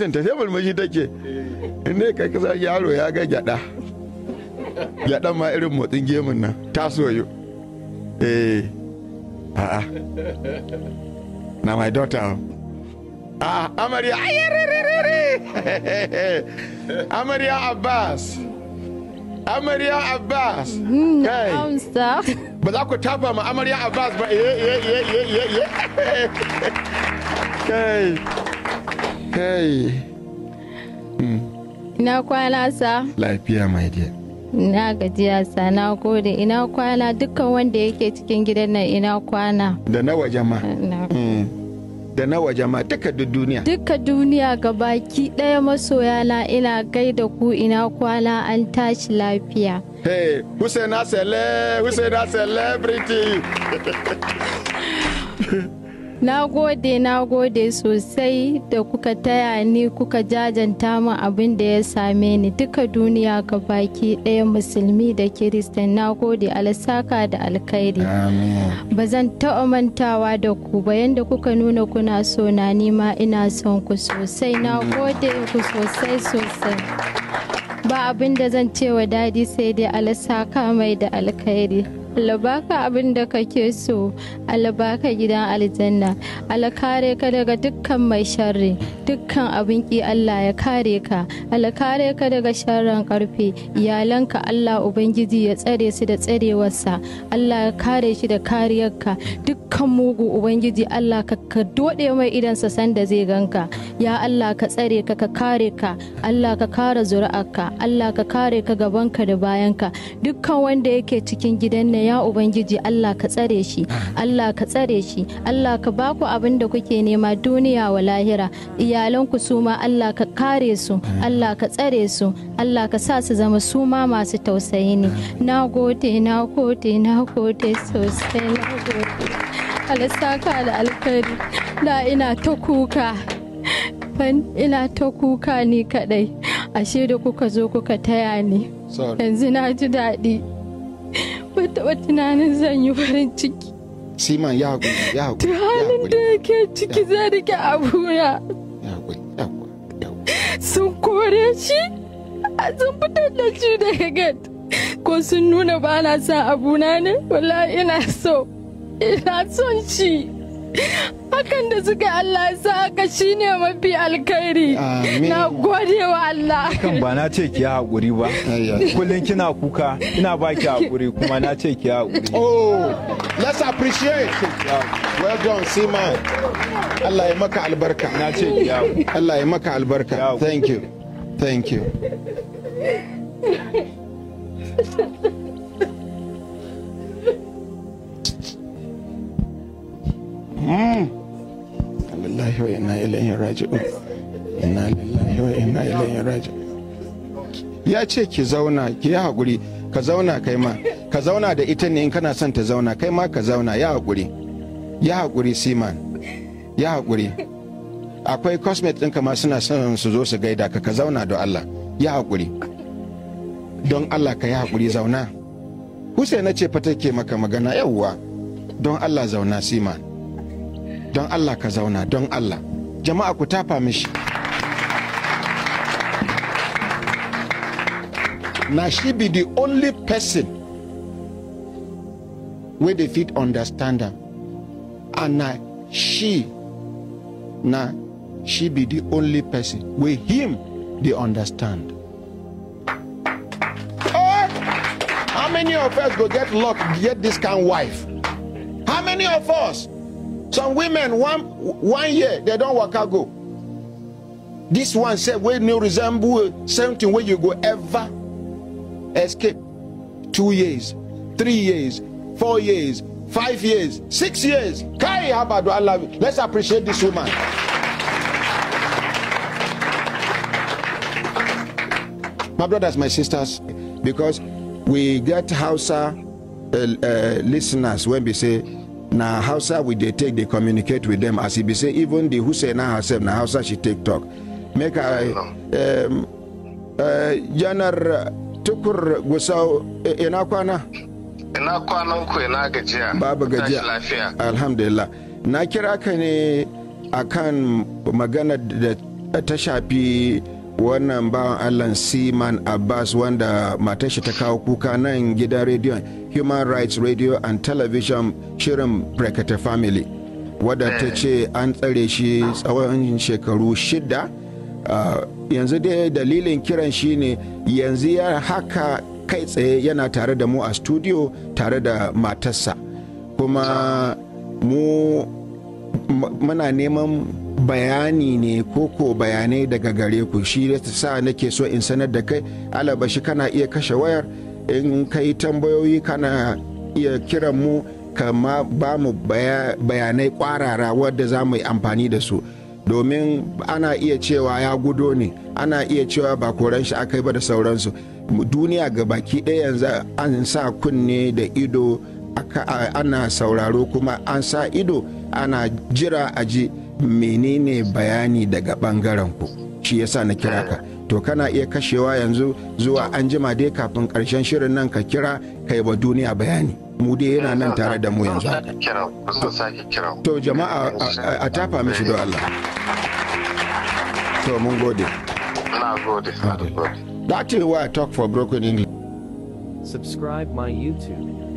irin tafiya mulmushi take inda kai kasa yaro ya ga gyada Gyada ma irin motsin gemun nan ta soyu eh a'a na my daughter ah Amariya abbas Amariya abbas hmm, kai ba za ku tafa ma Amariya abbas ba iye eh, iye eh, iye eh, iye iye kai kai hmm. ina kwana sa lafiya mai dear Ina gajiya sa na gode ina kwana dukkan wanda yake cikin gidan nan ina kwana. Da na waje ma. Hmm. Da na waje ma duka duniya. Duka duniya ga baki ɗaya masoya na ina gaida ku ina kwana an tashi lafiya. Hey, Husaina Sele, Husaina Celebrity. na gode na gode sosai da kuka taya ni kuka jajanta min abin da ya same ni duka duniya ga baki ɗaya musulmi da kiristan na gode alasaka da alkhairi ba zan taɓa mantawa da ku ba yadda kuka nuna kuna so na nima ina son ku sosai na gode ku sosai sosai ba abin da zan ce wa daɗi sai dai alasaka mai da alkhairi Allah baka abin da kake so Allah baka gidan aljanna Allah kare ka daga dukkan mai sharri dukkan abin ki Allah ya kare ka Allah kare ka daga sharran karfe iyalanka Allah ubangiji ya tsare su da tsarewarsa Allah ya kare shi da kariyarka dukkan mugu ubangiji Allah ka ka mai idansa sanda zai ganka ya Allah ka tsare ka ka kare ka Allah ka kare zuri'arka Allah ka kare ka gabanka da bayanka dukkan wanda yake cikin gidan nan ya ubangiji Allah ka tsare shi Allah ka tsare shi Allah ka ba ku abin da kuke nema duniya wa lahira iyalanku su ma Allah ka kare su Allah ka tsare su Allah ka sa su zama su ma masu tausayi ne na gode na gode na gode sosai na gode alistaka da alkhairi da ina ta kuka ban ina ta kuka ni kadai ashe da kuka zo kuka taya ni yanzu na ji daɗi taɓa tunanin zan yi farin ciki siman ya haƙuri ya haƙuri ya halin da yake ciki zai rike abuna ya haƙuri ya haƙuri sun kore shi a sun fitar da shi daga gate ko sun nuna ba na son abuna ne wallahi ina so ina son shi hakan da suka Allah sa haka shine mafi alkhairi na gode wa Allah kan ba na ce ki haƙuri ba kullum kina kuka ina ba ki haƙuri kuma na ce ki haƙuri oh let's appreciate well done Sima Allah ya maka albarka na ce ki haƙuri Allah ya maka albarka thank you thank you Mm. ya ce ki zauna ki yi hakuri ka zauna kai ma ka zauna da ita ne in kana son ta zauna kai ma ka zauna ya haƙuri ya haƙuri siman ya haƙuri akwai cosmet ɗin kama suna son su zo su gaida ka ka zauna don Allah ya haƙuri don Allah ka yi haƙuri zauna Hussein na ce fa ke maka magana yawwa don Allah zauna siman don Allah ka zauna don Allah jama'a ku tafa mishi na she be the only person where they fit understand her. and now she na she be the only person where him they understand oh, how many of us go get luck get this kind of wife how many of us some women one one year they don't work out. go this one said, "We no resemble something where you go ever escape two years three years four years five years six years kai habadu alawi let's appreciate this woman. my brothers my sisters because we get hausa uh, uh, listeners when we say na hausa we dey take dey communicate with them as e be say even the husaina herself na hausa she take talk make i um, uh, janar tukur gusau e, ina kwana ina kwana ku ina gajiya babu gajiya alhamdulillah na kira ka ne akan magana da ta shafi wannan bawan allah siman abbas wanda matashi ta kawo kuka nan gidan rediyon human rights radio and television shirin brekete family wadda ta eh. ce an tsare shi tsawon shekaru shida ah, yanzu dai dalilin kiran shi ne yanzu ya haka kai tsaye yana tare da mu a studio tare da matarsa kuma mu muna neman bayani ne koko bayanai daga gare ku shi sa nake so in sanar da kai alabashi kana iya kashe wayar in yi tambayoyi kana iya kiran mu kama ba mu bayanai kwarara wadda za mu yi amfani da su domin ana iya cewa ya gudo ne ana iya cewa ba koran shi aka yi ba da sauransu duniya ga baki ɗaya yanzu an sa kunne da ido ana sauraro kuma an sa ido ana jira a ji menene bayani daga ɓangaren ku shi yasa na kira ka to kana iya kashewa yanzu zuwa an jima dai kafin karshen shirin nan ka kira kai ba duniya bayani mu dai yana nan tare da mu yanzu to jama'a a tafa mishi don Allah to mun gode na gode na gode that is why i talk for broken english subscribe my youtube